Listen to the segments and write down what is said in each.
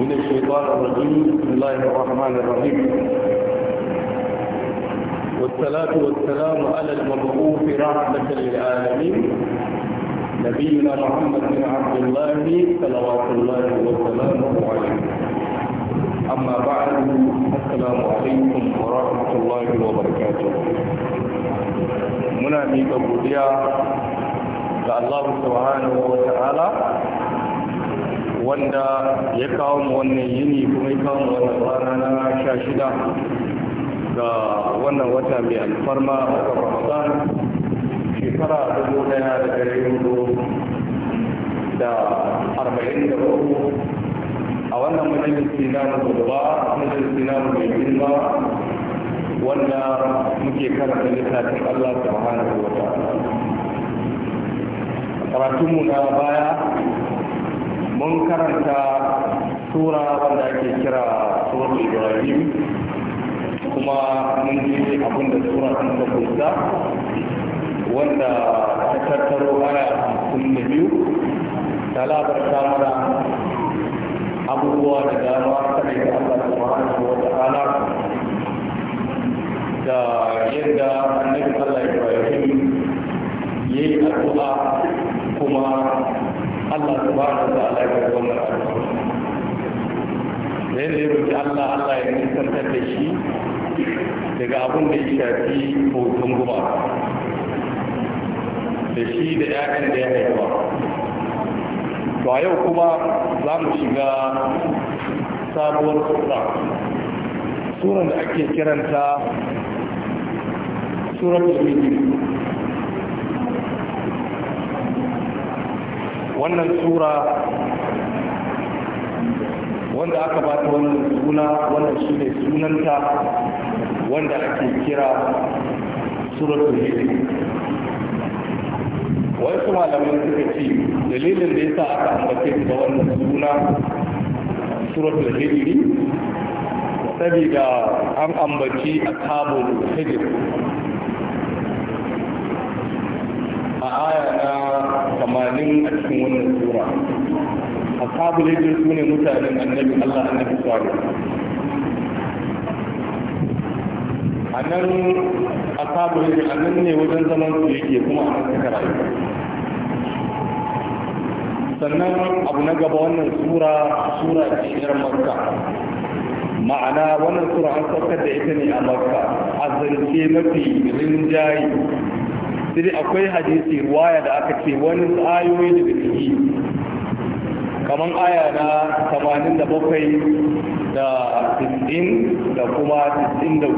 من الشيطان الرجيم بسم الله الرحمن الرحيم والصلاة والسلام على المبعوث رحمة للعالمين نبينا محمد بن عبد الله صلوات الله وسلامه عليه أما بعد السلام عليكم ورحمة الله وبركاته muna miƙa godiya ga Allah subhanahu wa ta'ala wanda ya kawo mu wannan yini kuma ya kawo mu wannan rana na sha shida ga wannan wata mai alfarma a Ramadan shekara dubu daya da dari hudu da arba'in da uku a wannan majalisi na mu gaba majalisi na mu mai girma wanda muke da littafin Allah subhanahu wa ta'ala karatunmu na baya mun karanta tura wanda ake kira suratul ibrahim kuma mun ji abin da sun ta kusa wanda ta tattaro aya hamsin da biyu ta labarta mana abubuwa da dama ne da Allah subhanahu wa ta'ala da yadda annabi Allah sallam yayi addu'a kuma Allah ba wa ta'ala ya wannan addu'a da yadda ya roki Allah Allah ya nisantar da shi daga abin da ya shafi hoton guba da shi da 'ya'yan da ya haifa to a yau kuma za mu shiga sabuwar sura suran da ake kiranta suratul mu'minin wannan sura wanda aka ba ta wannan suna wannan shi ne sunanta wanda ake kira suratul wani wasu malamin suka ce dalilin da ya sa aka ambace da wannan suna suratul hijri saboda an ambaci a hijr a aya na tamanin a cikin wannan sura ashabu laifin su ne mutanen annabi allah annabi tsari a nan ashabu laifin a nan ne wajen zaman su yake kuma a nan suka rayu sannan abu na gaba wannan sura sura ta shirar makka ma'ana wannan sura an saukar da ita ne a makka a zance mafi rinjaye sai akwai hadisi ruwaya da aka ce wani ayoyi da biki kamar aya na 87 da 90 da kuma 94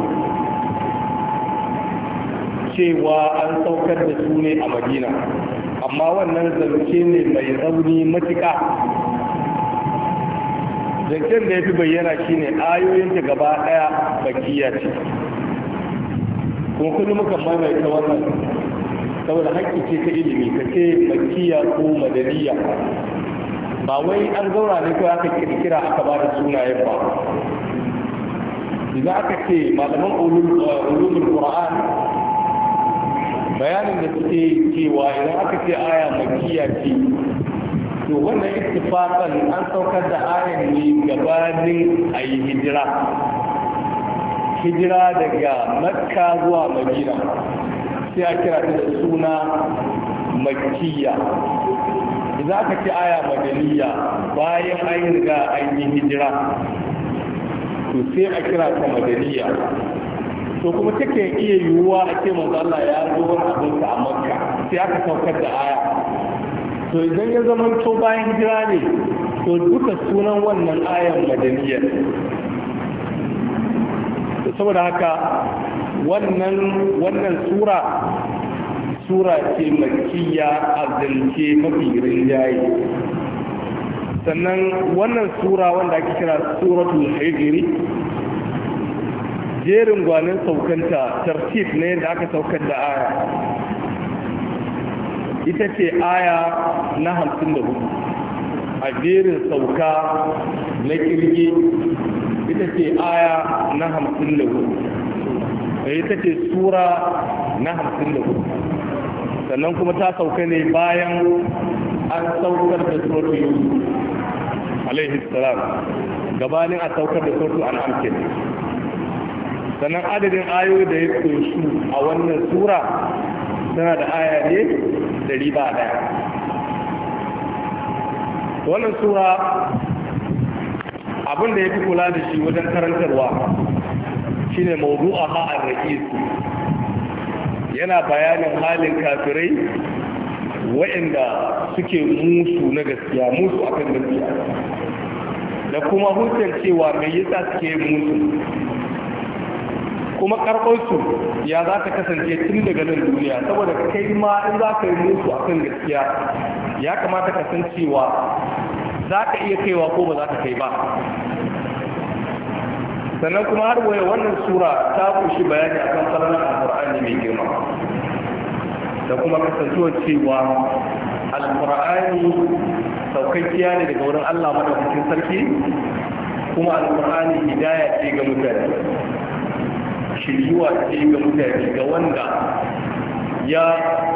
cewa an saukar da su ne a madina amma wannan zance ne mai rauni matuƙa zancen da ya fi bayyana shine ayoyinta gaba ɗaya bakiya ce kuma kullum muka maimaita wannan saboda haƙƙi ce ta ilimi ka ce makiya ko madaniya ba wai an zaura ne kawai aka kirkira aka ba da sunaye ba idan aka ce malaman eh, ulumul qur'an bayanin da suke cewa idan aka ce aya makiya ce to wannan ittifaqan an saukar da ayan ne gabanin ayi hijira hijira daga makka zuwa madina sai a kira ta suna makiyya za ka ci aya madaniya bayan an yi riga an yi hijira to sai a kira ta madaniya to kuma take iya yiwuwa a ce manzo Allah ya zo wani abin a Makka sai aka saukar da aya to idan ya zama to bayan hijira ne to duka sunan wannan ayan madaniyar saboda haka wannan wannan sura sura ce makiyya a zance mafi rinjaye sannan wannan sura wanda ake kira suratul hijri jerin gwanin saukanta tartib ne da aka saukar da aya ita ce aya na hamsin da hudu a jerin sauka na kirge ita ce aya na hamsin da hudu da ita ce sura na hamsin da hudu sannan kuma ta sauka ne bayan an saukar da suratu alaihi salam gabanin a saukar da suratu an amke sannan adadin ayoyi da ya kunshi a wannan sura tana da aya ne ɗari daya, ɗaya wannan sura abin da ya fi kula da shi wajen karantarwa shine mawdu'a a ar-ra'is yana bayanin halin kafirai waɗanda suke musu na gaskiya musu akan gaskiya da kuma hujjar cewa mai yasa suke musu kuma karɓarsu ya za ta kasance tun daga nan duniya saboda kai ma in za ka yi musu a gaskiya ya kamata ka san cewa za ka iya kaiwa ko ba za ka kai ba sannan kuma har waya wannan sura ta kushi bayani akan kalmar alqur'ani mai girma da kuma kasancewa cewa alqur'ani saukakkiya ne daga wurin Allah madaukakin sarki kuma alqur'ani hidaya ce ga mutane shiryuwa ce ga mutane ga wanda ya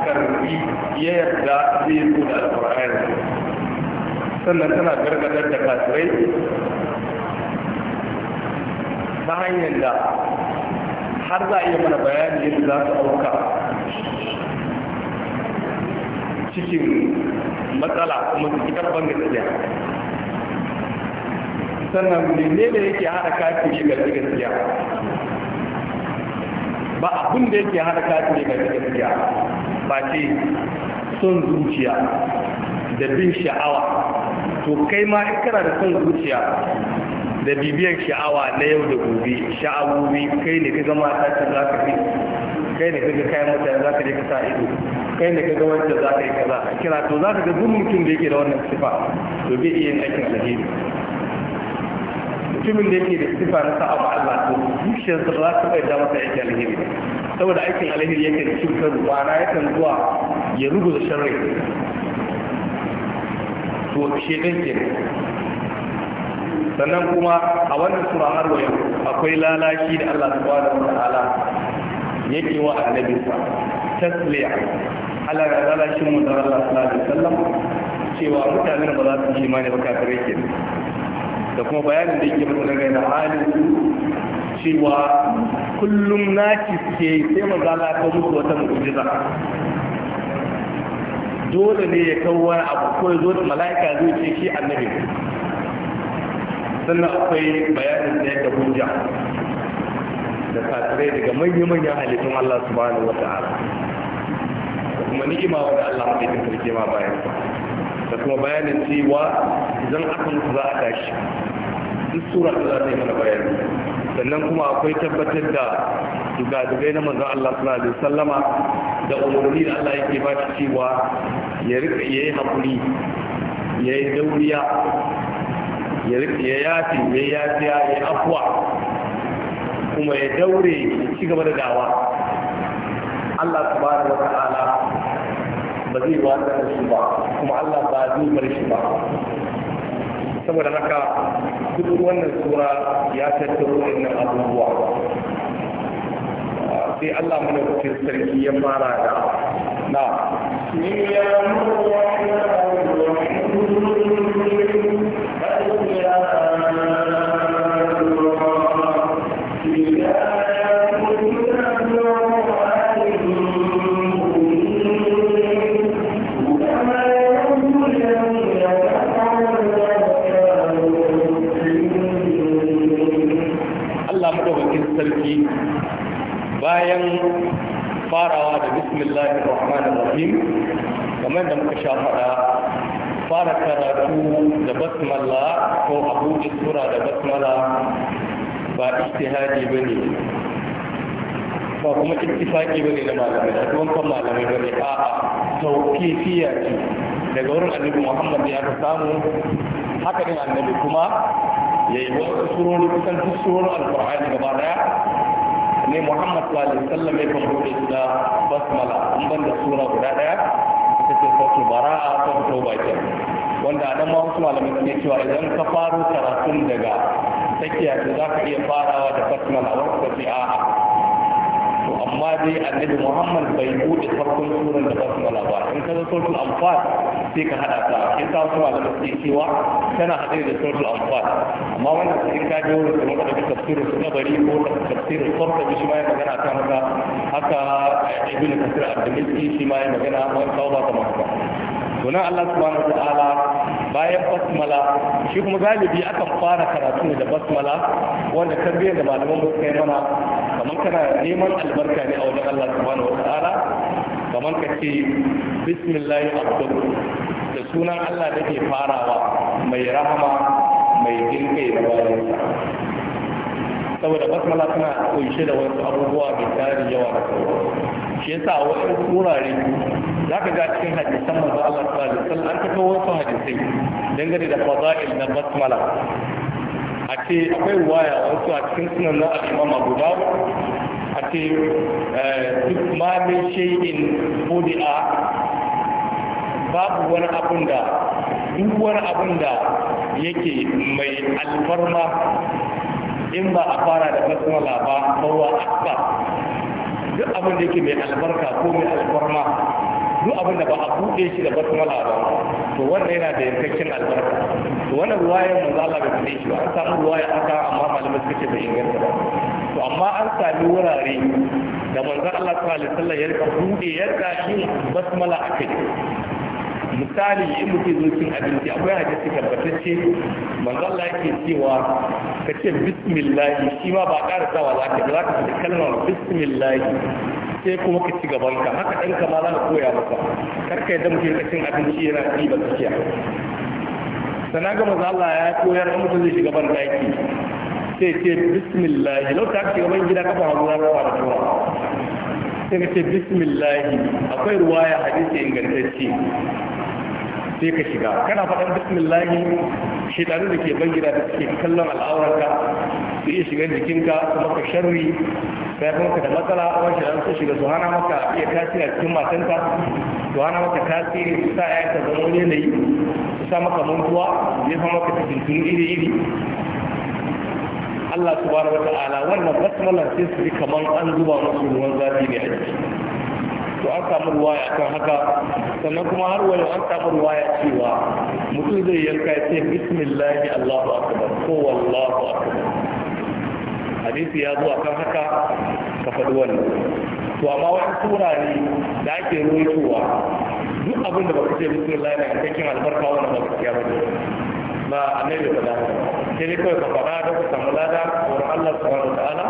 karbi ya yarda zai zo da alqur'ani sannan tana gargadar da kasirai ta hanyar da har za a iya mana bayani yadda za su auka cikin matsala kuma su kitar banga gaskiya sannan menene yake hada kafin ya garbi gaskiya ba abin da yake hada kafin ya garbi gaskiya ba ce son zuciya da bin sha'awa to kai ma in kana da son zuciya da bibiyar sha'awa na yau da gobe sha'awowi kai ne ka gama ta ce za ka fi kai ne ka ga kayan mutane za ka je ka sa ido kai ne ka ga wancan za ka yi kaza a kira to za ka ga duk mutum da yake da wannan sifa to bai iya yin aikin alheri mutumin da yake da sifa na sa'a ma Allah to zuciyarsa sa za ta bai da masa aikin alheri saboda aikin alheri yake da karu kwana yakan zuwa ya rubuta sharri to shedan kenan sannan kuma a wannan sura har wayo akwai lalaci da Allah subhanahu wa ta'ala yake wa annabi sa tasliya ala lalashin mu da Allah sallallahu alaihi wasallam cewa mutane ba za su yi imani ba kafirai ke da kuma bayanin da yake mutu ga na halin cewa kullum naki ke sai mazala ta musu wata mu'jiza dole ne ya kawo abu ko ya zo mala'ika zai ce shi annabi sannan akwai bayanin da yadda hujja da tasirai daga manya-manyan halittun Allah ni wata ara da kuma ni'ima wanda Allah madaukin sarki ma bayan da kuma bayanin cewa idan aka mutu za a tashi duk sura ta za ta yi mana bayani sannan kuma akwai tabbatar da dugadugai na manzan Allah sallallahu alaihi sallama da umarni da Allah yake ba shi cewa ya rika haƙuri ya yayi dauriya ya ya yafi ya yafi ya yi afuwa kuma ya daure ya ci gaba da dawa Allah subhanahu wata ala ba zai ba da shi ba kuma Allah ba zai bar shi ba saboda haka duk wannan sura ya tattaro wannan abubuwa sai Allah mana ku sarki ya fara da na sha faɗa fara karatu da basmala ko abu sura da basmala ba ijtihadi ba ne ba kuma ittifaki ba ne na malamai da wankan malamai ba ne a'a tauqifiya ce daga wurin annabi Muhammad ya ta samu haka ne annabi kuma ya yi wasu surori kusan duk surorin alqur'ani gaba daya ne Muhammad sallallahu alaihi wasallam ya kan bude da basmala an banda sura guda daya cikin sautul bara'a ko fito bakin wanda a ɗan wasu malamai suke cewa idan ka faro karatun daga tsakiya to za ka iya farawa da fatman a wasu tafi a to amma dai annabi muhammad bai buɗe farkon suran da basmala ba in ka zo sautul amfani. sai ka hada ta in ka kuma da suke cewa tana haɗe da suratul anfal amma wannan sai ka ji wurin da wanda tafsirin su bari ko tafsirin sabta bi shi ma ya magana kan haka haka eh, ibnu kasir al-dimishki shi ma ya magana wani kawo ba ta maka sunan Allah subhanahu wataala bayan basmala shi kuma galibi akan fara karatu da basmala wanda tarbiyyar da malaman mu kai mana kamar kana neman albarka ne a wajen Allah subhanahu wataala kamar ka ce bismillahir rahmanir da sunan Allah da ke farawa mai rahama mai jinkai da bayansa saboda basmala suna kunshe da wasu abubuwa mai tarin yawa da sauransu shi yasa wasu turare za ka ga cikin hadisan manzo Allah ta alaihi an kafa wasu hadisai dangane da fadail na basmala a ce akwai waya wasu a cikin sunan na al-Imam Abu Dawud a ce eh, duk ma a. babu wani abun da duk wani abun da yake mai alfarma in ba a fara da basmala ba kowa akbar duk abin da yake mai albarka ko mai alfarma duk abin da ba a buɗe shi da basmala ba to wannan yana da yankakken albarka to wannan ruwayar za Allah bai ta shi ba an samu ruwaya haka amma malamai suka ce bai inganta ba to amma an sami wurare da manzo Allah sallallahu alaihi wasallam ya rika buɗe ya shi basmala akai misali in muke zo cin abinci akwai hadisi tabbatacce manzo Allah yake cewa ka ce bismillah shi ma ba ƙara sawa za ka za ka faɗi kalmar bismillah sai kuma ka ci gaban ka haka ɗan ka ma za ka koya maka kar ka yadda mutum ka cin abinci yana yi ba tsakiya sana ga manzo Allah ya koyar da mutum zai shiga ban yake sai ce bismillah lokacin ta shiga gaban gida kafa hagu za ka fara tura sai ka ce bismillah akwai ruwaya hadisi ingantacce sai ka shiga kana faɗin bismillahi shaitanu da ke bangira da ke kallon al'aurarka su iya shiga jikinka su maka sharri sai kuma ka da matsala a wani shaitanu su shiga su hana maka iya tasiri a cikin matanka su hana maka tasiri su sa ya ta zama wani yanayi su sa maka mantuwa su jefa maka cikin iri-iri Allah subhanahu wa ta'ala wannan basmala sai su ji kamar an zuba musu ruwan zafi ne a jiki to an samu ruwa ya kan haka sannan kuma har wayo an samu ruwa ya cewa mutum zai yanka ya ce bismillahi allahu akbar ko wallahu akbar hadisi ya zuwa kan haka ka faɗi wannan to amma wani turare da ake roitowa duk abin da baka ce bismillahi na cikin albarka wani ba gaskiya ba ba annabi ya faɗa sai dai kawai ka faɗa da ka samu lada wurin Allah subhanahu wa ta'ala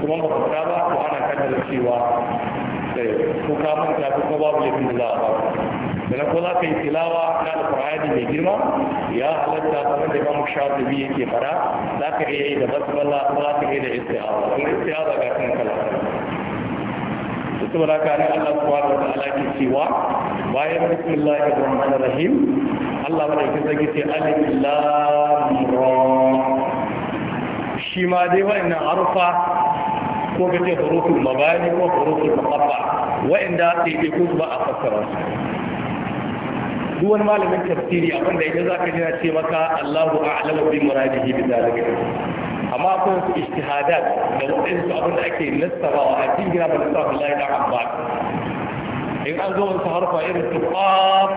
kuma ba ka faɗa ba to ana kaddara cewa ko ka manta ko ko babu laifin da za a babu sannan ko za ka yi tilawa na alƙur'ani mai girma ya halatta kamar da imamu shafi yake fara za ka iya yi da basmala za ka iya da istiaza kuma istiaza ga kan kala saboda ka ne Allah subhanahu wa ta'ala ke cewa bayan bismillahir rahmanir rahim Allah bada ki sake ce alif lam ra shi ma dai wannan arfa ko ka ce hurufin mabani ko hurufin maqatta wa'anda sai ko ba a fassara duk wani malamin tafsiri abin da idan zaka jira ce maka Allahu a bi muradihi bi zalika amma akwai wasu ijtihadat da waɗansu abin da ake nassabawa a cikin gina da lissafin lahi da abbas in an zo wasu harfa irin su qaf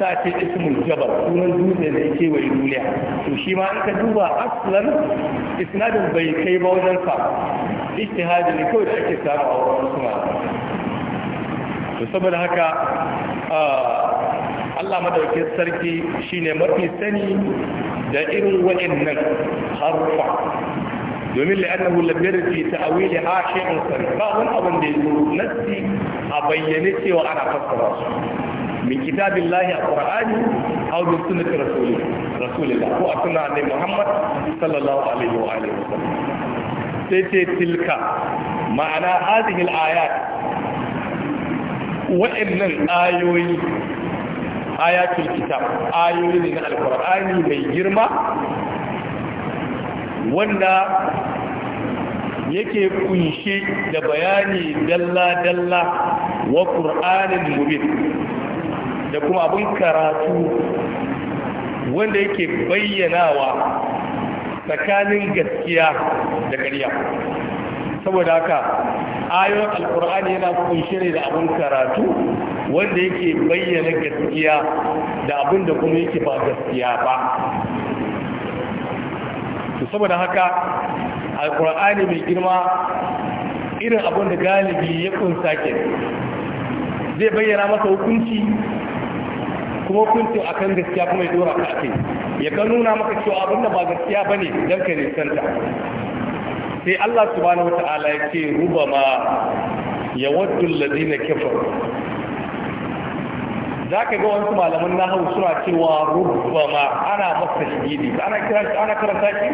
ta ce ismul jabal sunan dutse da yake wa duniya to shi ma an ka duba aslan isnadin bai kai ba wajen sa ijtihadi ne kawai ake samu a wurin suna. to saboda haka Allah madaukakin sarki shine mafi sani da irin wa'annan harfa domin la'annahu lam yarid fi ta'wili ha shay'un sarfa wani abin da yake nasi a bayyane cewa ana fassara su min kitabillahi alqur'ani aw bi sunnati rasulih rasulillah ko a sunna annabi Muhammad sallallahu alaihi wa alihi wasallam sai ce tilka ma'ana hadhihi alayat wa'annan ayoyi ayatul kitab ayoyi ne na alqur'ani mai girma wanda yake kunshe da bayani dalla-dalla wa ƙur'anin mubin da kuma abin karatu wanda yake bayyanawa tsakanin gaskiya da ƙarya saboda haka ayon alkur'ani yana kunshe ne da abin karatu wanda yake bayyana gaskiya da abin da kuma yake ba gaskiya ba saboda haka alkur'ani mai girma irin abin da galibi ya kunsa ke zai bayyana masa hukunci kuma a akan gaskiya kuma ya dora ka ake ya ka nuna maka cewa abin da ba gaskiya ba ne don ka nisanta sai Allah subhanahu wata'ala ya ce ruba ma ya waddu alladhina Za zaka ga wasu malaman hau suna cewa ruba ma ana masa tashdidi ana ana karanta shi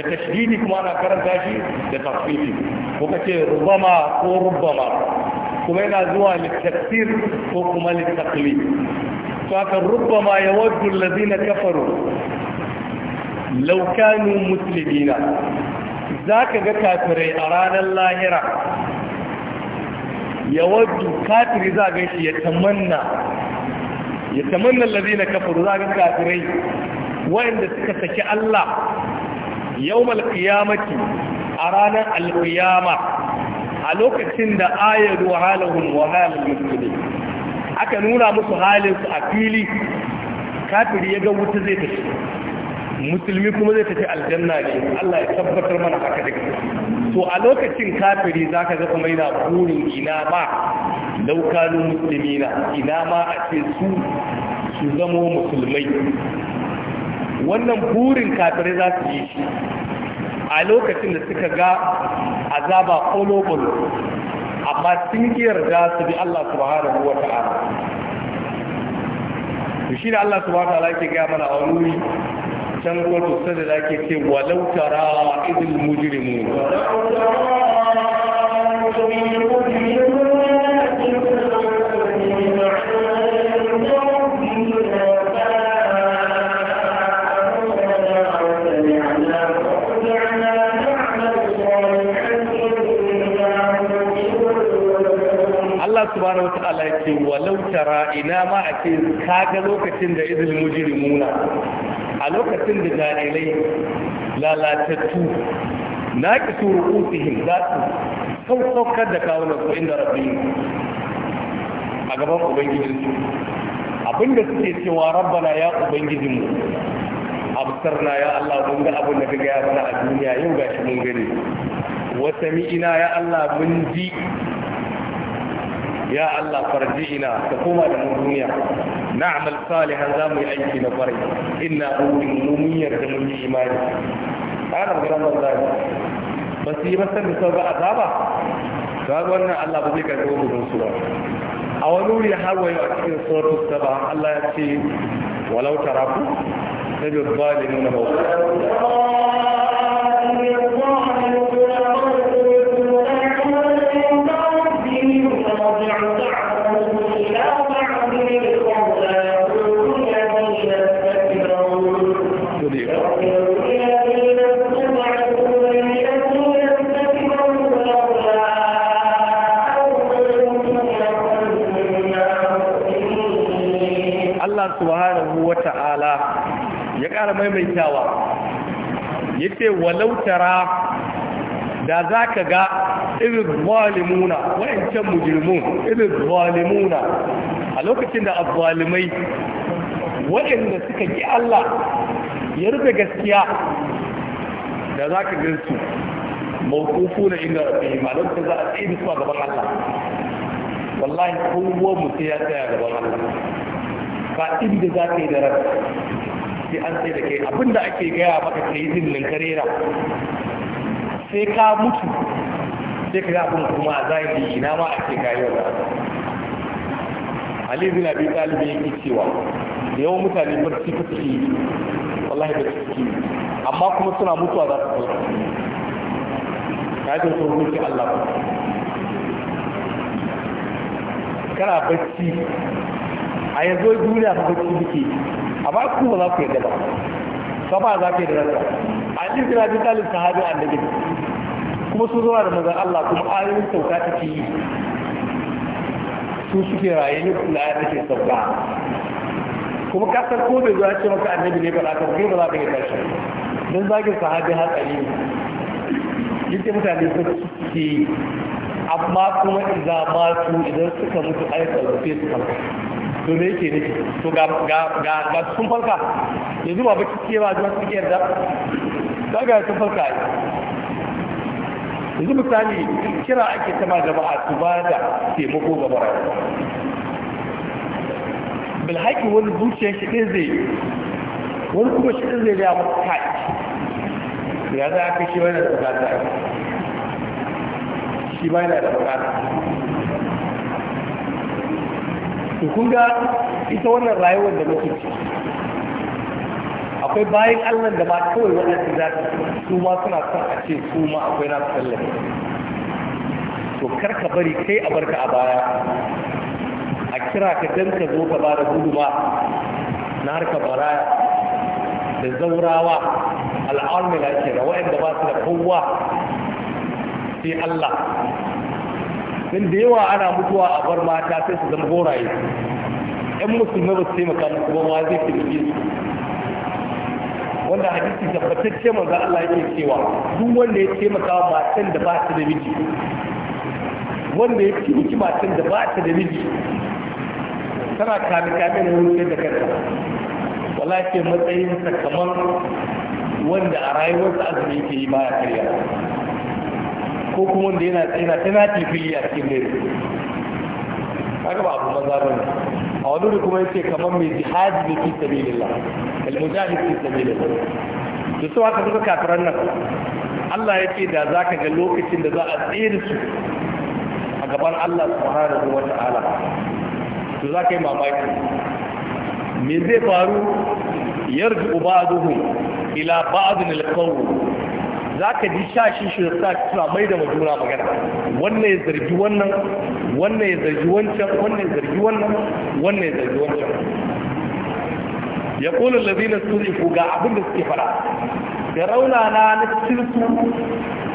da tashdidi kuma ana karanta shi da tafsiri ko ce ruba ma ko ruba ma kuma yana zuwa littafsir ko kuma littaqlid fakar rubama ya wajen lalzina kafaro laukanin musulmina za ka ga kafirai a ranar lahira ya wajen kafiri za ga ga kafirai wa'anda suka saki Allah yau malkiyamaki a ranar alkiyama a lokacin da ayyar wahalar wahalar musulmina aka nuna musu halinsu a fili kafiri ya ga wuta zai tafi musulmi kuma zai tafi aljanna ne Allah ya tabbatar mana haka duk to a lokacin kafiri zaka ga kuma ina burin ina ma musulmi na ina ma a ce su su zamo musulmai wannan burin kafiri za su yi shi a lokacin da suka ga azaba kolobolo amma sun yarda su bi Allah subhanahu wa ta'ala to shi da Allah subhanahu wa ta'ala ke gaya mana a wuri can wato sada da ke ce walau tara idil mujrimun walau tara idil mujrimun tara ina ma a ce kaga lokacin da izil mujrimuna a lokacin da jahilai lalatattu na ki su rukusihim za su sauƙaƙar da kawunan su inda rabbi a gaban ubangijinsu abinda suke cewa rabbana ya ubangijinmu absarna ya Allah mun ga abin da kaga ya mana a duniya yau gashi mun gani wa ina ya Allah mun ji ya Allah farji'ina ka koma da mu duniya na'mal salihan za mu yi aiki na kwarai inna ruhin mun yarda mun yi imani ana magana Allah ba su yi masa misal ba azaba ga wannan Allah ba zai karɓi wani su ba a har wayo a cikin sauran saba Allah ya ce walau taraku ba Allah subhanahu wa ta'ala ya ƙara maimaitawa ya ce walautara da za ka ga irin zalimuna wa'ancan mujirmun irin zalimuna a lokacin da abzalimai waɗanda suka ƙi Allah ya rufe gaskiya da za ka gansu mawukufu na inda rufe malam ta za a tsaye da su a gaban Allah wallahi kowa mutu ya tsaya gaban Allah ba inda za ka yi da ran sai an sai da kai abinda ake gaya maka ka yi zin lankarera sai ka mutu sai ka abin kuma a zahiri ina ma ake gayo da Ali bin Abi Talib yake cewa da yawan mutane barci suke yi wallahi barci suke yi amma kuma suna mutuwa za su kai kafin sun hukunci Allah kana barci a yanzu duniya ta cikin biki A ba ku ba za ku yadda ba ba ba za ku yadda ba a jin kira jin talib sahabi annabi kuma su zuwa da manzon Allah kuma ayoyin sauka ta yi su suke raye ne kula ya take sauka kuma ka san ko bai zuwa ce maka annabi ne ba za ka ba za ka za shi yi zagin sahabi hatsari ne yake mutane suke amma kuma idan ma su idan suka mutu ayyukan su suka mutu to me yake nufi to ga ga sun farka yanzu ba ba kike ba zuwa kike yarda ba ga sun farka yanzu misali kira ake ma jama'a su ba da taimako ga marayu bilhaƙi wani zuciya shi ɗin zai wani kuma shi ɗin zai ya kai ya za a kai shi wani da bukata shi ba yana da bukata to kun ga ita wannan rayuwar da muke ci akwai bayan allah da ba kawai wannan za su ma suna son a ce su ma akwai na tallafi to karka bari kai a barka a baya a kira ka dan ka zo ka bada guduma na harka baraya da zaurawa al'armila ke da wa'anda ba su da kowa sai Allah don da yawa ana mutuwa a bar mata sai su zama goraye yan musulmi ba su taimaka musu ba ma zai taimake su wanda hadisi tabbatacce manzo Allah yake cewa duk wanda ya taimaka matan da ba ta da miji wanda ya taimaki matan da ba ta da miji tana kame kame na wurin da kanta wallahi ke matsayin sa kamar wanda a rayuwarsa azumi ke yi baya karya ko kuma wanda yana tsina tana tifili a cikin dare haka ba abu maza bane a wani da kuma yace kamar mai jihadi ne fi sabilillah al mujahid fi sabilillah to su haka suka kafiran nan Allah ya ce da za ka ga lokacin da za a tsere su a gaban Allah subhanahu wa ta'ala to za ka yi mamaki me zai faru yarji ubaduhu ila ba'din al-qawm za ka ji sha shi shi sa mai da majuna magana wannan ya zargi wannan wannan ya zargi wancan wannan ya zargi wannan wannan ya zargi wancan ya kula suri ko ga abin da suke fara da rauna na na cirku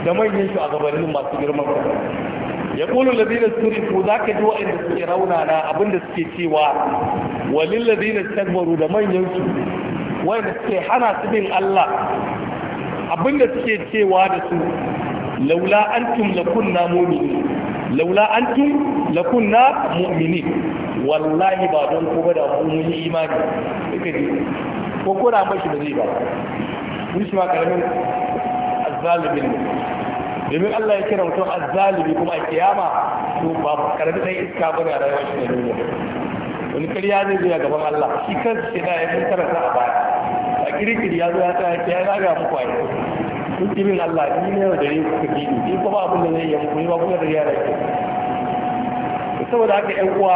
da manyan shi a gabanin masu girman kai ya na ladina ko za ka ji waɗanda suke rauna na abinda suke cewa walin ladina stagbaru da manyan su waɗanda suke hana su bin Allah abinda suke cewa da su laula antum lakunna mu'minin laula antum lakunna mu'minin wallahi ba don ba da mun yi imani kake ji ko kora mashi ba zai ba mun shi ma karamin azzalimin domin Allah ya kira mutum azzalimi kuma a kiyama to ba karamin dan iska bane a rayuwar shi da duniya wani ƙarya zai zo ya gaban Allah shi kansa shi da ya mun karanta a baya kirkiri ya zo ya tsaya ya zaga muku a yau kun kibin Allah ni ne da ne kuka kiri ni kuma abin da zai yi muku ni ba kuma da yara ke saboda haka ƴan uwa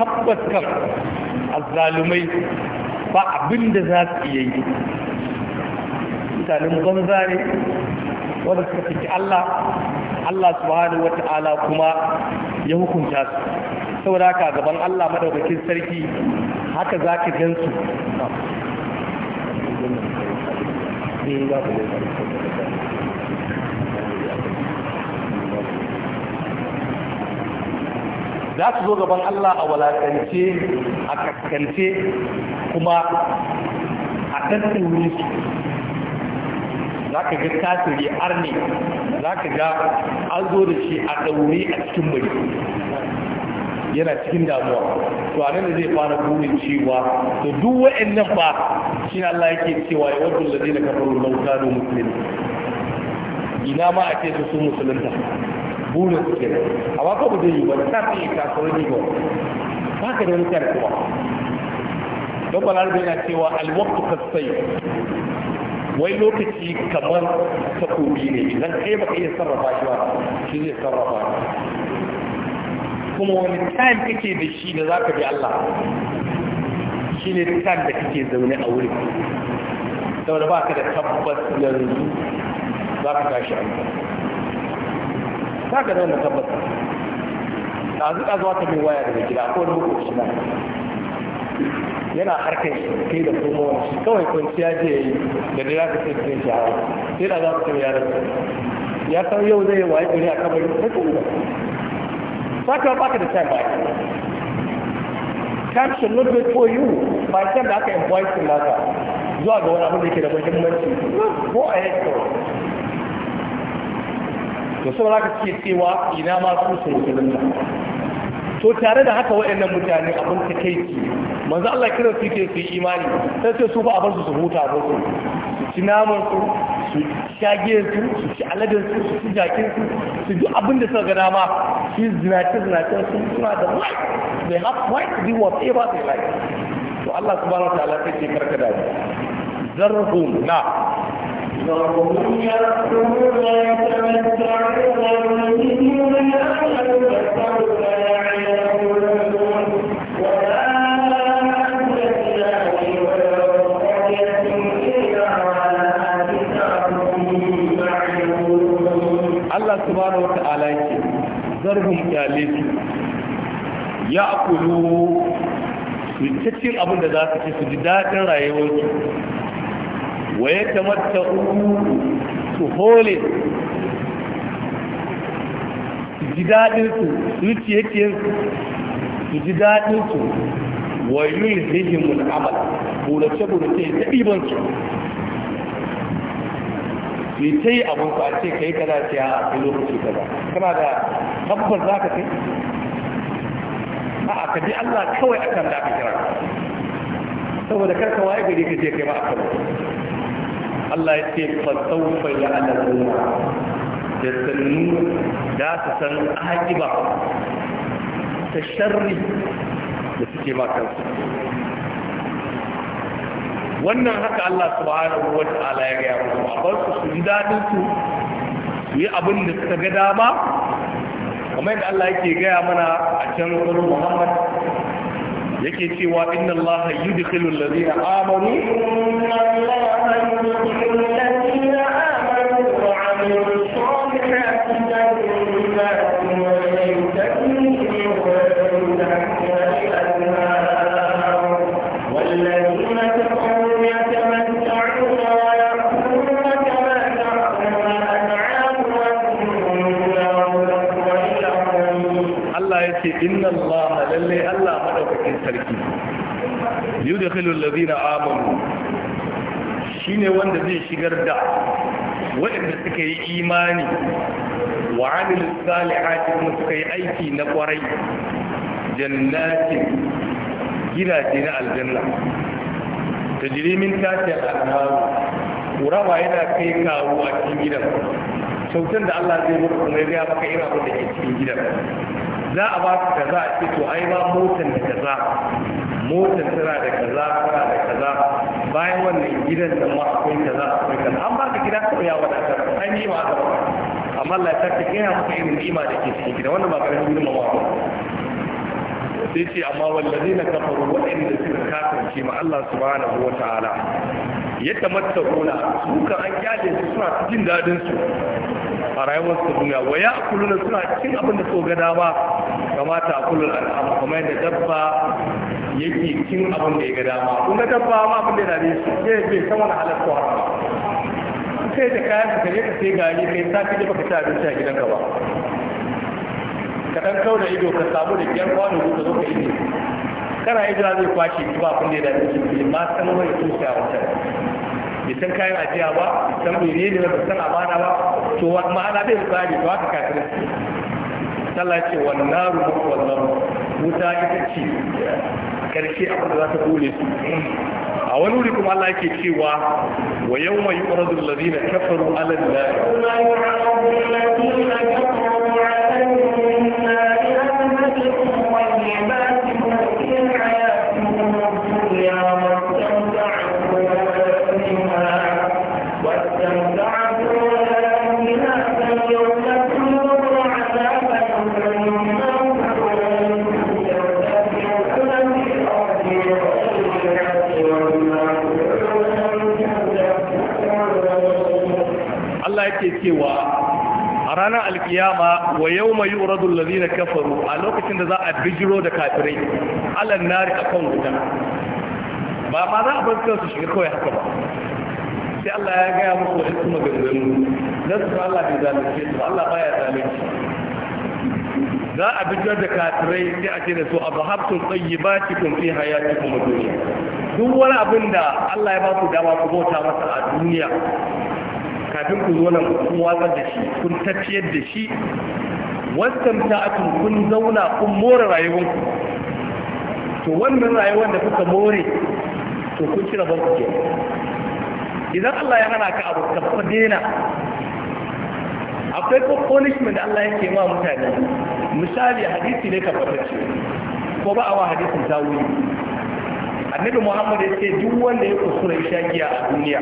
tabbas kan azzalumai ba abin da za su iya yi mutanen banza ne wanda suka fi Allah Allah subhanahu wata'ala kuma ya hukunta su saboda haka gaban Allah madaukakin sarki haka za ka gan su za su zo gaban Allah a walakance a kaskance kuma a wuri su za ka ga tasiri arne za ka ga an zo da shi a ɗaure a cikin bari yana cikin damuwa to anan da zai fara burin cewa to duk wa'annan ba shi Allah yake cewa ya waddu ladina kafaru law kanu muslimin ina ma ake su su musulunta burin su kenan amma ko ba zai yi ba ta fi kafirin ne ba ba ka da wani karkuwa don balarabe yana cewa alwaktu kasai wai lokaci kamar takobi ne idan kai baka iya sarrafa shi ba shi zai sarrafa kuma wani time kake da shi da za ka bi Allah shi ne time da kake zaune a wurin saboda ba ka da tabbas yanzu za ka tashi a za ka da wannan tabbas ɗazu ɗazu ta mai waya daga gida ko wani makwabci na yana harkar shi kai da kuma wani kawai kwanciya je yi da da zaka sai sai shahara sai da za ku tafi yaran ya san yau zai yi waye gari a kabari sai kuma ba baka da time ba time should not wait for you by the time da aka invoice din naka zuwa ga wani abin da yake da muhimmanci go ahead for to sai zaka ce cewa ina ma su su nan? to tare da haka nan mutane abin ta kai ki manzo Allah kira su ke su yi imani sai sai su ba a su su huta ba su su ci naman su su shage su su ci su su ci jakin su su ji abin da suka gada dama shi zinace zinace sun suna da right they have right to do whatever they like to Allah subhanahu wa ta'ala sai ce karka da ji zarhum na zarhum ya kuma ya tabbata da wani zarhun kyale su ya kulu su cikin abin da za su ci su ji daɗin rayuwarsu wa ya kamata su hole su ji daɗin su su ciyekiyarsu su su ji daɗin su, wa yi rihimun amal bulace-bulace ta ɗibansu yi ta yi abin ku a ce ka yi kaza ce a lokaci kaza kana da tabbas za ka kai a ka bi Allah kawai akan da aka kira saboda karka ya gari ka je kai ma akan Allah ya ce fa sawfa ya'lamu da sannu da ta san ba, ta sharri da suke ba kansu wannan haka Allah subhanahu wa ta'ala ya gaya musu a bar su su ji dadin su yi abin da suka ga dama kamar yadda Allah yake gaya mana a can wurin Muhammad yake cewa inna Allah yudkhilul ladina amanu inna Allah yudkhilul ladina yudkhilul ladina amanu shine wanda zai shigar da waɗanda suka yi imani wa amil salihati kuma suka yi aiki na kwarai jannatin gidaje na aljanna tajri min tahtiha al-anhar yana kai kawo a cikin gidan sautan da Allah zai muku kuma ya maka irin abin da ke cikin gidan za a ba ka kaza a ce to ai ma motar da kaza motar tana da kaza tana da kaza bayan wannan gidan da ma akwai kaza akwai kaza an ba ka gida kawai ya wadatar an yi ma aka ba amma Allah ta ta kira maka irin ni'ima da ke cikin gida wannan ba karamin ma ba sai ce amma wallazi na kafaru waɗanda suka kasance ma Allah subhanahu wa ta'ala ya tamatta gona su kan an kyale su suna cikin dadin su a rayuwar su duniya wa ya kullu suna cikin abin da so ga dama kamata a kullu al'am kamar yadda dabba yake cin abin da ya ga dama kun ga dabba ma abin da ya dame shi ya bai san wani halar ko sai da kayan ka kare ka sai gari kai sa kaje baka ci abinci a gidanka ba ka dan kauda ido ka samu da kiyar kwano ko ka zo ka ido kana ido zai kwashe ba abin da ya dame shi bai ma san wani tusa a wancan bai san kayan ajiya ba san ne ba san amana ba to ma'ana bai tsari to haka kafirin Allah ce wannan rubutu wannan wuta ita ce karshe abin da za ta dole su a wani wuri kuma Allah yake cewa wa yawma yu'radu allazina kafaru ala an cewa a ranar alkiyama wa yau mai yuradun lalina kafaru a lokacin da za a bijiro da kafirai alan nari a kan wuta ba ma za a bar su shiga kawai haka ba sai Allah ya gaya musu wani kuma ganganu na su Allah bai zalunce su Allah baya zalunci za a bijiro da kafirai sai a ce da su abu haftun tsayi ba kun fi hayati kuma duniya duk wani abin da Allah ya ba su dama su bauta masa a duniya kafin ku zo nan kun watsar da shi kun tafiyar da shi wasanta akan kun zauna kun more ku to wannan rayuwar da kuka more to kun ci rabon ku idan Allah ya hana ka abu ka fa dena akwai ko punishment da Allah yake ma mutane misali hadisi ne ka fatacce ko ba a wa hadisin tawili annabi Muhammad ya ce duk wanda ya kusura shagiya a duniya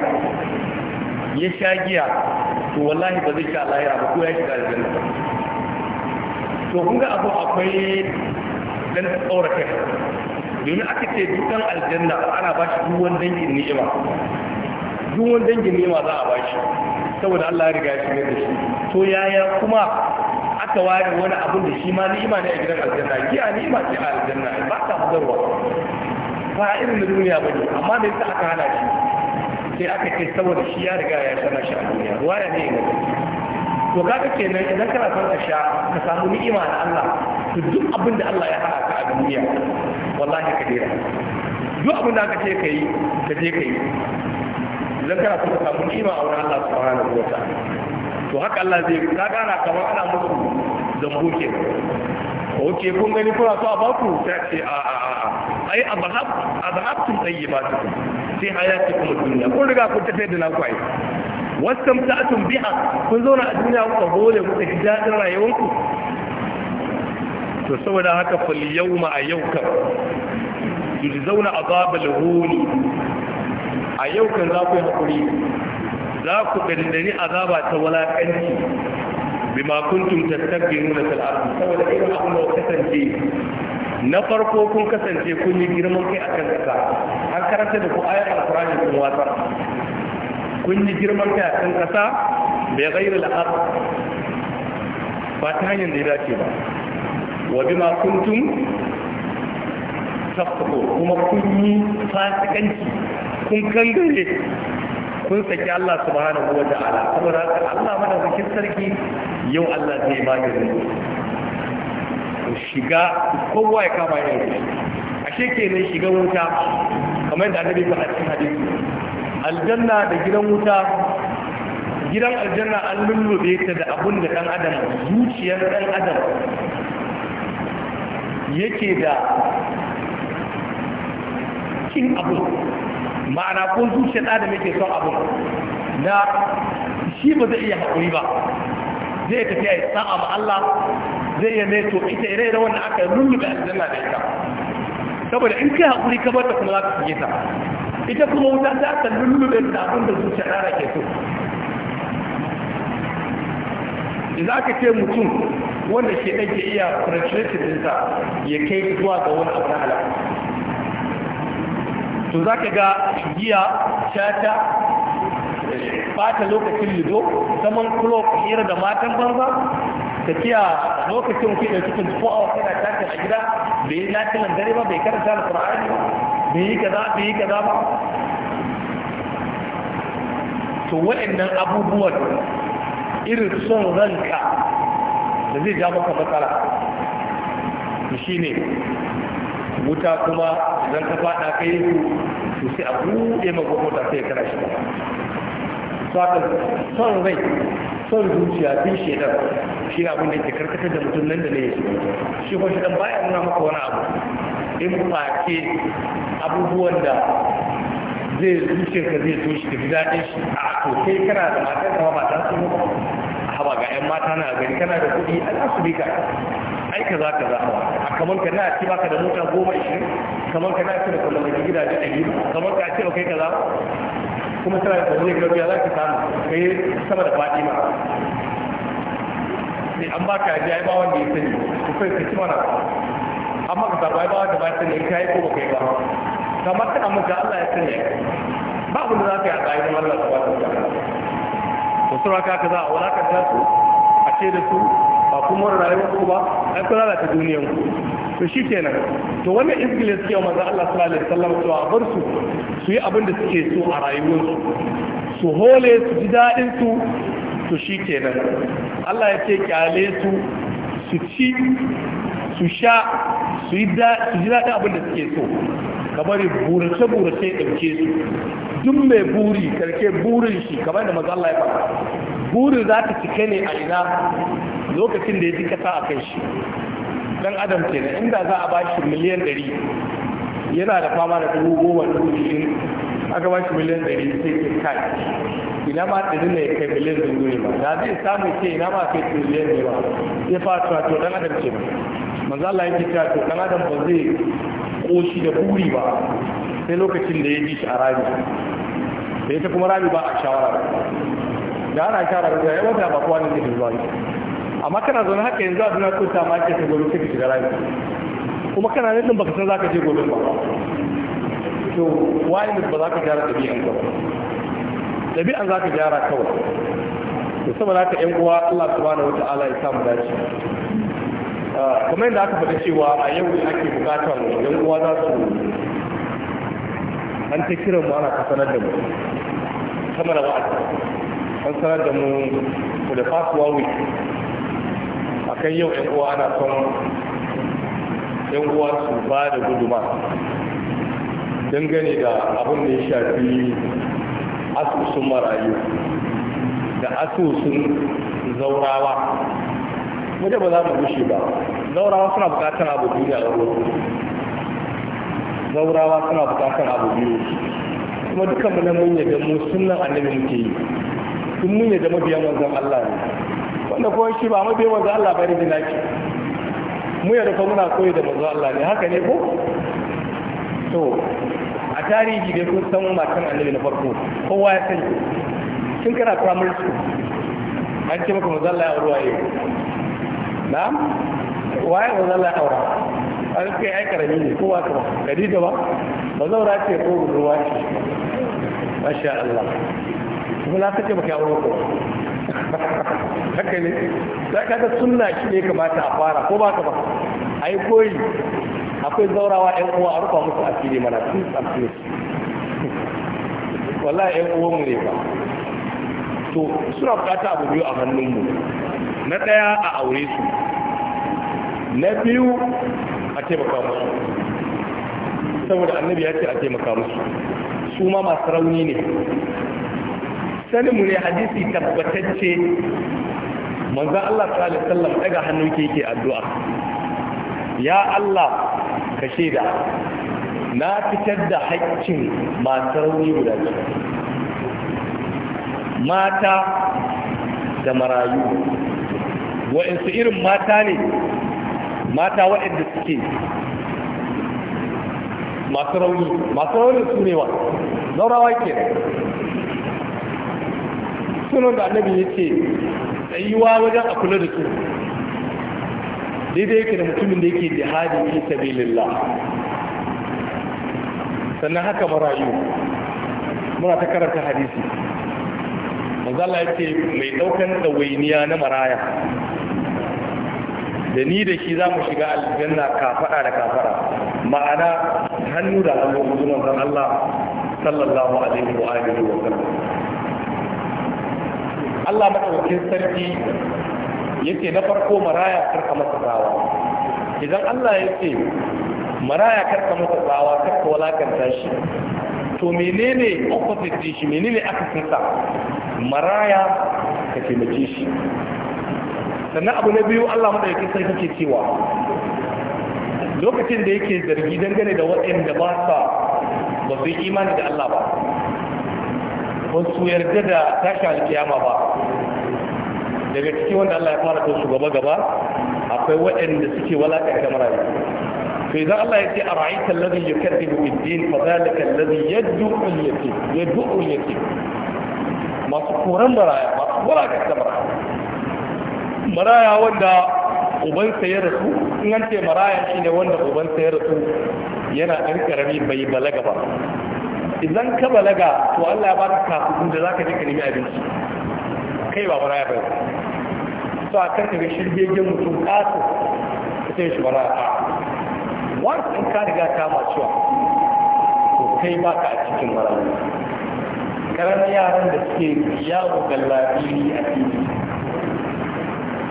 ya sha giya to wallahi ba zai sha lahira ba ko ya shiga aljanna to kun ga abu akwai dan tsora kai domin aka ce dukan aljanna ana ba shi duwan dangin ni'ima duwan dangin ni'ima za a ba shi saboda Allah ya riga ya ne da shi to yaya kuma aka ware wani abun da shi ma ni'ima ne a gidan aljanna giya ni'ima ce a aljanna ba ta fitarwa ba irin da duniya ba ne amma da yasa aka hana shi sai aka ce saboda shi ya riga ya sana shi a duniya ruwa ya ne ga to kaga kenan idan kana son ka sha ka samu ni'ima na Allah to duk abin da Allah ya hana ka a duniya wallahi ka dira duk abin da aka ce ka yi ka je ka yi idan kana son ka samu ni'ima a wurin Allah subhanahu wa ta'ala to haka Allah zai ka gana kamar ana musu zambo kenan ke kun gani kuna so a baku ta ce a a a ai abahab abahabtum tayyibatukum fi hayatikum ad-dunya kun riga kun tafi da naku ai wastamta'tum biha kun zauna a duniya ku hole ku ji dadin rayuwarku to saboda haka fal yawma a yau kam yujzauna azabal huni a yau kan za ku yi hakuri za ku dandani azaba ta walakanci bima kuntum tattabi'una fil ardi saboda irin abin da kasance na farko kun kasance kun yi girman kai akan kasa an karanta da ku ayar alkurani kun watsar kun yi girman kai akan kasa bai gairi la'ar ba ta hanyar da ya dace ba wa bima kuntum tafsako kuma kun yi fasikanci kun kangare kun saki Allah subhanahu wa ta'ala saboda Allah mana sarki yau Allah zai ba da shiga kowa ya kama yin ashe kenan shiga wuta kamar yadda annabi faɗa cikin hadisi aljanna da gidan wuta gidan aljanna an lullube ta da abun da ɗan adam zuciyar ɗan adam yake da kin abu ma'ana ko zuciyar dan adam yake son abu na shi ba zai iya haƙuri ba zai tafiya ya sa'a ma Allah zai iya mai to ita ire da wanda aka lullu da aljanna da ita saboda in kai hakuri ka bata kuma za ka fiye ta ita kuma wuta ta aka lullu da ta abin da zuciya rara ke so idan aka ce mutum wanda ke ɗan ke iya frustrated ɗinsa ya kai zuwa ga wani abu na halaka to za ka ga giya shata bata lokacin lido saman kulob hira da matan banza tafiya lokacin mutum da cikin ko awa kana tashi a gida bai yi nafilan dare ba bai karanta alƙur'ani ba bai yi kaza bai yi kaza ba to waɗannan abubuwan irin son ranka da zai ja maka matsala shi ne wuta kuma zan ka faɗa kai su sai a buɗe maka sai ka kana shi ba son rai son zuciya bin shedan shi ne abin da ke karkatar da mutum nan da ne shi kuma dan baya nuna maka wani abu in face abubuwan da zai zuciyar ka zai so shi ka ji daɗin shi a to kai kana da matar kama ba ta so a haba ga 'yan mata na gari kana da kuɗi a za su bi ka ai ka za ka za a kamar ka na ci baka da mota goma ishirin kamar ka na ci da kullum da gidaje a yi kamar ka ce ba kai ka za kuma tana da tsohon garbiya za ka samu kai sama da ma. sai an ba ka yaji yi ba wanda ya sani ku kai ka ci mana amma ka samu ai ba wanda ba ya sani kai ko ba kai ba kamar amma ga Allah ya sani ba abin da za ka yi a tsayin Allah ta ba ta su sura ka za a wulakanta su a ce da su ba kuma wani rayuwa ku ba ai kula da ta duniyar ku to shi kenan to wannan izgilin suke wa manzo Allah sallallahu alaihi wasallam to a bar su su yi abin da suke so a rayuwarsu su hole su ji daɗin su to shi kenan Allah ya ce kyale su su ci su sha su yi ji daɗin abin da suke so kamar burace-burace dauke ɗauke su duk mai buri karke burin shi kamar da maza Allah ya faɗa burin za ta cike ne a ina lokacin da ya ji kasa a kan shi dan adam kenan inda za a bashi miliyan ɗari yana da fama da dubu goma dubu ishirin aka bashi miliyan ɗari sai ke kai ina ma ɗari ne kai miliyan ɗari ne ba da zai samu ce ina ma kai miliyan ne ba ya fata to dan adam ce ba manzo Allah yake cewa to dan adam ba zai koshi da buri ba sai lokacin da ya ji shi a rami da ita kuma rami ba a shawara da ana shawara da ya wata ba kowa ne zai zuwa amma kana zaune haka yanzu a duna kuta ma ke gobe sai ka shiga rami kuma kana nan baka san zaka je gobe ba to why ne ba za ka gyara dabi'an ka ba dabi'an za ka gyara kawai to saboda haka yan uwa Allah subhanahu wata'ala ya samu dace ah, kuma yadda aka faɗa cewa a yau ne ake bukatar yan uwa za su an ta kiran mu ana ta sanar da mu kamar wa'azi an sanar da mu for the past one week kai yau yan uwa ana son yan uwa su ba da guduma dangane da abin da ya shafi asusun marayu da asusun zaurawa wajen ba za mu gushe ba zaurawa suna bukatar abu biyu a ruwa zaurawa suna bukatar abu biyu kuma dukkan mu nan mun yadda mu sunan annabi muke yi duk mun yadda mabiyan manzon Allah ne na koyon shi ba mabe manzo Allah bari da naki mu ya rufa muna koyi da manzo Allah ne haka ne ko to a tarihi dai kun san matan annabi na farko kowa ya sani kin kana primary school an ce maka manzo Allah ya aure waye na'am waye manzo Allah ya aura an kai ai karami ne kowa ka ba da ba mazaura ce ko ruwa ce masha Allah kuma na kace baka aure ko haka ne za ka ga sunna shi ne kamata a fara ko ba ka ba a yi koyi akwai zaurawa yan uwa a rufa musu asiri mana sun tsamfe wallahi yan mu ne ba to suna bukata abu biyu a hannunmu na ɗaya a aure su na biyu a taimaka musu saboda annabi ya ce a taimaka musu su ma masu rauni ne sani mu ne hadisi tabbatacce manzon Allah sallallahu alaihi wasallam daga hannun ke yake addu'a ya Allah ka shaida na fitar da haƙƙin masu rauni guda mata da marayu wa'insu irin mata ne mata waɗanda suke masu rauni masu rauni su ne wa zaurawa ke sun da annabi ya ce tsayuwa wajen a kula da su daidai yake da mutumin da yake jihadi fi sabilillah sannan haka marayu muna ta karanta hadisi manzo Allah yake mai daukan dawainiya na maraya da ni da shi za mu shiga aljanna kafada da kafaɗa. ma'ana hannu da hannu Allah sallallahu alaihi wa alihi wa sallam Allah madaukakin sarki yake na farko maraya karka masa tsawa idan Allah ya ce maraya karka masa tsawa karka walakanta shi to menene opposite din shi menene aka sinta maraya ka taimake shi sannan abu na biyu Allah madaukakin sarki ke cewa lokacin da yake zargi dangane da waɗanda ba sa ba su yi imani da Allah ba ba su yarda da tashi alkiyama ba daga cikin wanda Allah ya fara su gaba gaba akwai waɗanda suke walaka da marayu to idan Allah ya ce a ra'aita ya yukadibu bi din fa zalika alladhi yad'u al-yatim yad'u al masu koran maraya masu walaka da maraya maraya wanda ubansa ya rasu in an ce maraya shine wanda ubansa ya rasu yana ɗan ƙarami bai balaga ba idan ka balaga to Allah ya ba ka kafin da zaka je ka nemi abinci kai ba bara ba so a kanka ga shirgegen mutum kasu ka sai shi bara ba wanda in ka riga ta macewa to kai baka a cikin bara karan yaran da suke yawo gallabi a fili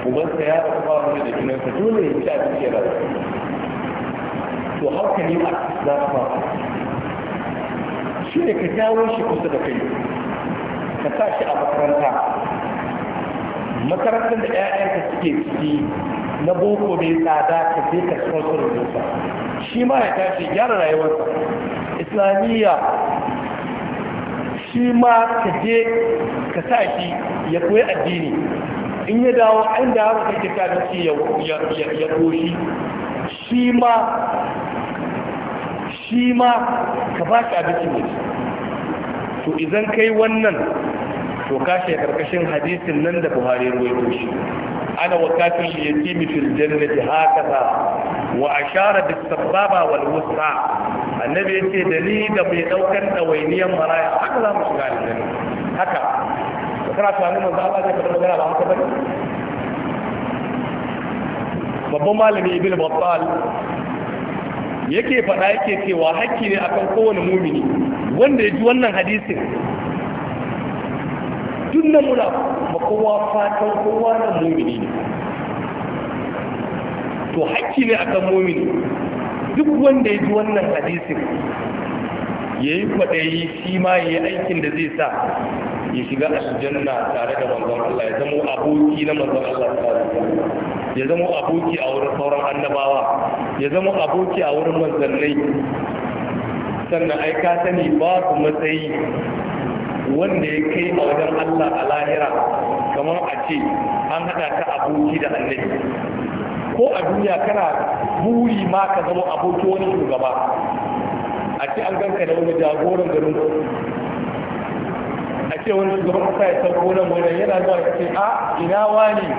ubansa ya rasu ba wani da jinansa dole ya ci a cikin to haka ne a za ba. shi ne ka jawo shi kusa da kai ka sa shi a makaranta makarantar da 'ya'yanta suke ciki na boko mai tsada ka je ka sponsor da shi ma ya tashi gyara rayuwarsa islamiyya shi ma ka je ka sa shi ya koyi addini in ya dawo an da haka kai ka shi ya koshi shi ma shi ma ka ba shi abinci mai to idan kai wannan to ka shi karkashin hadisin nan da buhari ruwaito shi ana wa kafin yatimi fil jannati ta. wa ashara bis sababa wal wusta annabi yace da ni da mai daukar dawainiyan maraya haka za mu shiga aljanna haka kana tunanin manzo Allah zai faɗa magana ba haka bane babban malami ibn battal yake faɗa yake cewa hakki ne akan kowane mumini wanda ya ji wannan hadisin tun na muna ma kowa fatan kowa na mumini ne to hakki ne akan mumini duk wanda ya ji wannan hadisin ya yi kwaɗayi shi ma ya yi aikin da zai sa ya shiga aljanna tare da manzon Allah ya zama aboki na manzon Allah sallallahu alaihi wasallam ya zama aboki a wurin sauran annabawa ya zama aboki a wurin manzannai sannan ai ka sani su matsayi wanda ya kai a wajen Allah a lahira kamar a ce an haɗa ta aboki da annabi ko a duniya kana buri ma ka zama aboki wani shugaba a ce an ganka da wani jagoran garin a ce wani shugaban kasa ya sauko nan wani yana zuwa ya ce a ah, ina wani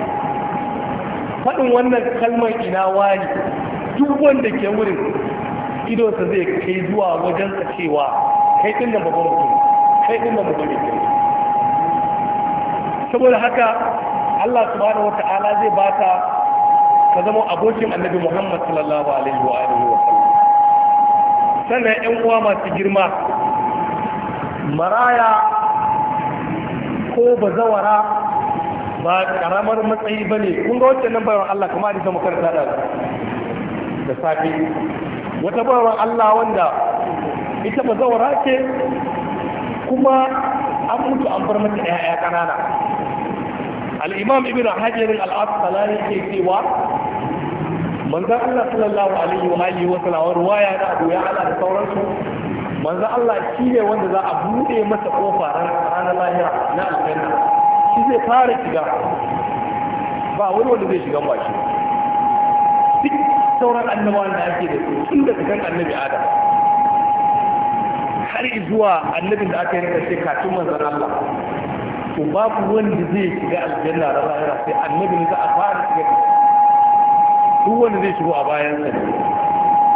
faɗin wannan kalmar ina wani duk wanda ke wurin idonsa zai kai zuwa wajen cewa kai ɗin da babban mutum kai ɗin da babban mutum saboda haka Allah subhanahu zai baka ka zama abokin annabi Muhammad sallallahu alaihi wa alihi wa sannan ƴan uwa masu girma maraya ko bazawara ba karamar matsayi ba ne kun ga wancan nan bayan Allah kuma da zama karanta da da safe wata bayan Allah wanda ita ba zawara ce kuma an mutu an bar mata ɗaya ƙanana al-imam ibn hajar al-asqalani ke cewa manzon Allah sallallahu alaihi wa alihi wa sallam ruwaya da Abu Ya'la da sauransu manzon Allah shi ne wanda za a bude masa kofa ranar lahira na aljanna zai fara shiga ba wani wanda zai shiga bashi duk sauran annabawan da ake da su tun da kan annabi adam har zuwa annabin da aka yi rikace kafin manzan Allah to babu wanda zai shiga aljanna da lahira sai annabi ne za a fara shiga duk wanda zai shigo a bayan sa ne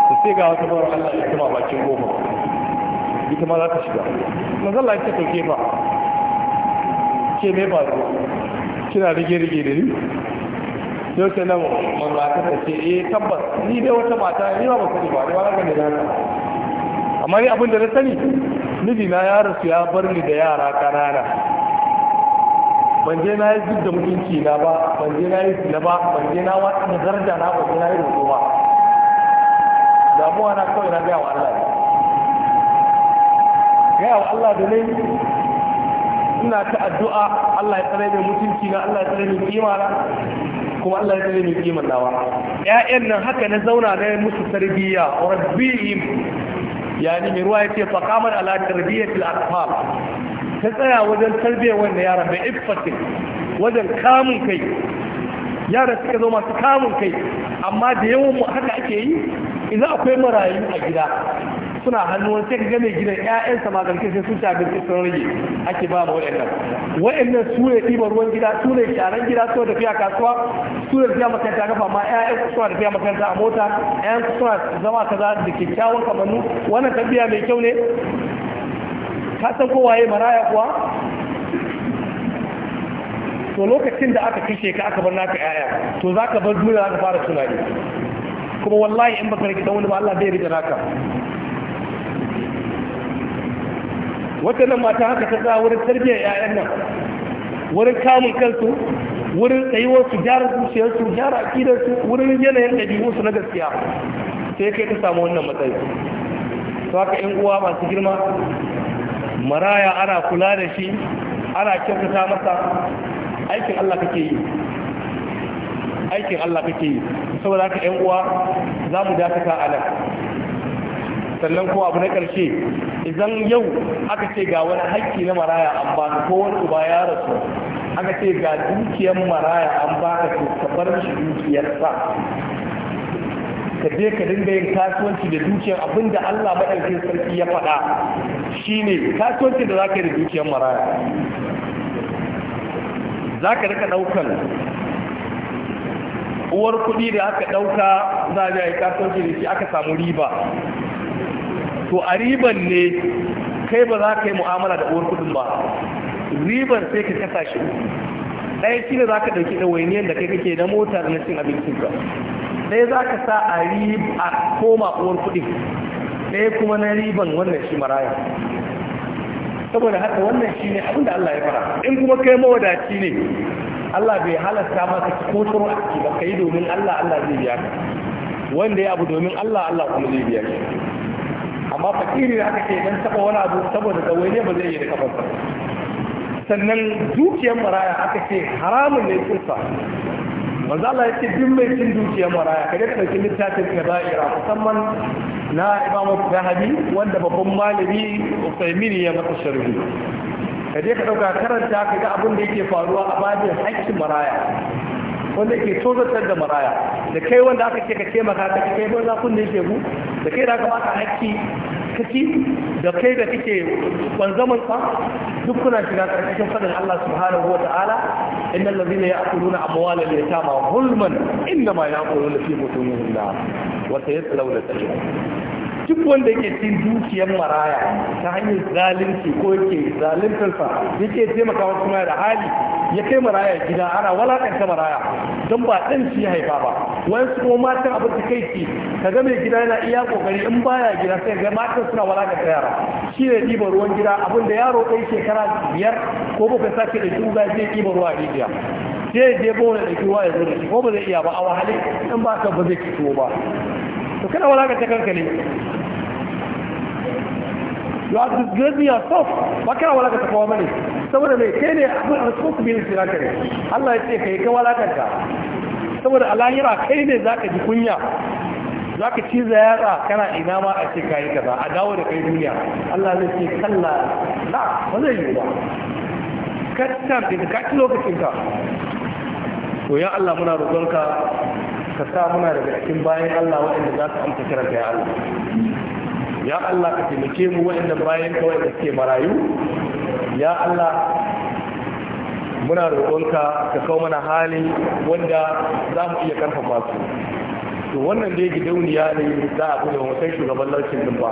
to sai ga wata bawar Allah ya kuma bakin goma ita ma za ta shiga manzan Allah ya ce tauke kefa ke mai su kina rige-rige da ni yau ke nan mamata ta ce eh tabbas ni dai wata mata ni ba masu ba ni ba na gani na amma ni abin da na sani mijina ya rasu ya bar ni da yara kanana ban je na yi duk da mutunci na ba ban je na yi zina ba ban je na wata da zarja na ban je na yi roƙo ba damuwa na kawai na gaya wa Allah gaya wa Allah da ne ina ta addu'a Allah ya tsare min mutunci na Allah ya tsare min kima na kuma Allah ya tsare min kiman dawa. ƴaƴan nan haka na zauna na musu tarbiyya rabbihim yani mai ruwa yace fa qamar ala tarbiyatil atfal ta tsaya wajen tarbiyyar wanda yaran bai iffatin wajen kamun kai yara suka zo masu kamun kai amma da yawan mu haka ake yi idan akwai marayu a gida suna hannuwan sai ka ga mai gidan ƴaƴansa ma garke sai sun shafi sun rage ake ba ma waɗannan waɗannan su ne ɗiban ruwan gida su ne sharan gida su da fiya kasuwa su ne fiya makaranta kafa ma ƴaƴan su suna da fiya makaranta a mota ƴaƴan su suna zama kaza da kyakkyawan kamannu wannan tabiya mai kyau ne ka san ko waye maraya kuwa to lokacin da aka kashe ka aka bar naka ƴaƴa to za ka bar duniya za ka fara tunani kuma wallahi in baka rikita wani ba Allah bai rike naka wata mata haka ta za wurin tarbiyyar 'ya'yan nan wurin kamun kansu wurin tsayuwarsu gyara zuciyarsu gyara akidarsu wurin yanayin su na gaskiya sai kai ta samu wannan matsayi to haka yan uwa masu girma maraya ana kula da shi ana kyautata masa aikin Allah kake yi aikin Allah kake yi saboda haka yan uwa za mu dakata a nan sannan kuma abu na ƙarshe idan yau aka ce ga wani haƙƙi na maraya an ba baka ko wani uba ya rasu aka ce ga dukiyar maraya an ka to ka bar shi dukiyarsa. ka je ka dinga yin kasuwanci da dukiyar abinda Allah madaukakin sarki ya faɗa shine kasuwanci da zaka yi da dukiyar maraya zaka rika ɗaukan uwar kuɗi da aka ɗauka za a yi kasuwanci da shi aka samu riba to a riban ne kai ba za ka yi mu'amala da uwar kudin ba riban sai ka kasa shi ɗaya shi ne za ka ɗauki ɗawainiyar da kai kake na mota na cin abincin ka ɗaya za ka sa a riba koma uwar kudin ɗaya kuma na riban wannan shi maraya saboda haka wannan shi ne abinda Allah ya fara in kuma kai mawadaci ne Allah bai halasta maka kotoro a ciki ba ka yi domin Allah Allah zai biya ka wanda ya abu domin Allah Allah kuma zai biya ka amma fakiri da aka ce dan taba wani abu saboda kawai ne ba zai yi da ba. sannan dukiyar maraya aka ce haramun ne kusa manzo Allah ya ce duk mai cin dukiyar maraya kada ka dauki littafin da ira musamman na Imam Zahabi wanda babban malami Uthaymeen ya masa sharhi kaje ka dauka karanta ka ga abin da yake faruwa a babin haƙƙin maraya wanda ke tozatar da maraya da kai wanda aka ke ka ce maka kai ba za kun ne shegu da kai da aka baka hakki kaci da kai da kake wanzaman sa duk kuna shiga karkashin fadin Allah subhanahu wa ta'ala innal ladhina ya'kuluna amwalal yatama hulman inma ya'kuluna fi butunihim nar wa sayaslawna sa'ira duk wanda yake cin dukiyar maraya ta hanyar zalunci ko yake zaluntarsa yake taimaka wasu mai da hali ya kai maraya gida ana walakanta maraya don ba ɗan shi haifa ba wani su kuma matan abin da kai ka ga mai gida yana iya kokari in baya gida sai ga matan suna walakanta yara shi ne ɗiba ruwan gida abin da yaro ɗai shekara biyar ko bakwai sake da duba zai ɗiba ruwa a rijiya sai ya je bola da ruwa ya zo da shi ko ba zai iya ba a wahale in ba ka ba zai fito ba to kada walakanta kanka ne you have to give me yourself ba kana walakanta kowa bane saboda mai kai ne abin responsibility naka kare, Allah ya ce kai ka walakanta saboda a kai ne za ka ji kunya za ka ci za yatsa kana ina ma a ce yi kaza a dawo da kai duniya Allah zai ce kalla na ba zai yi ba ka ci lokacin ka to ya Allah muna roƙonka ka sa muna daga cikin bayan Allah waɗanda za su amsa kiran ya Allah ya Allah ka taimake mu waɗanda bayan ka waɗanda suke marayu ya Allah muna roƙonka ka kawo mana hali wanda za mu iya karfafa su to wannan dai gidauniya ne za a kuma wata shugaban laucin din ba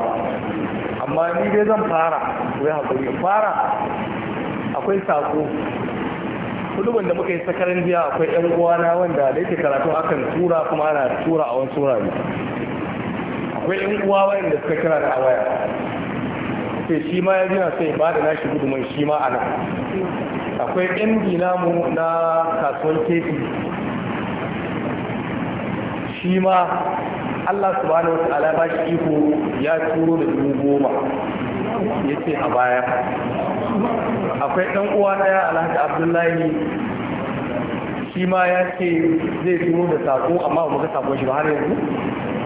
amma ni dai zan fara wai haƙuri fara akwai sako huduban da muka yi sakarin jiya akwai yan uwana wanda da yake karatu akan tura kuma ana tura a wani tura ne akwai yan uwa wanda suka kira da waya sai shi ma ya jina sai ba da nashi guduman shi ma ana akwai yan dinamu na kasuwar kefi shi ma Allah subhanahu wa ta'ala ba shi iko ya turo da dubu goma ya a baya akwai ɗan uwa ɗaya alhaji abdullahi shi ma ya ce zai turo da sako amma ba ga sakon shi ba har yanzu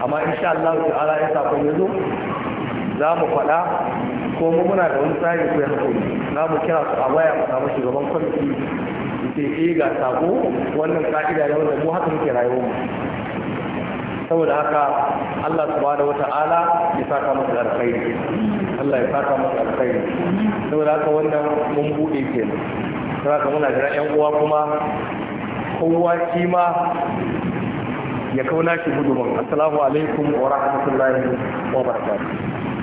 amma insha Allah ta'ala ya zo yazo za mu faɗa ko mu muna da wani tsari ko ya za mu kira su a baya mu samu shugaban kwamiti ce eh ga sako wannan ka'ida ne wanda mu haka muke rayuwa saboda haka Allah subhanahu wata'ala ya saka masa alkhairi Allah ya saka masa alkhairi saboda haka wannan mun bude kenan saboda haka muna jira ƴan uwa kuma kowa ma ya kauna shi gudumin assalamu alaikum wa rahmatullahi wa barakatuh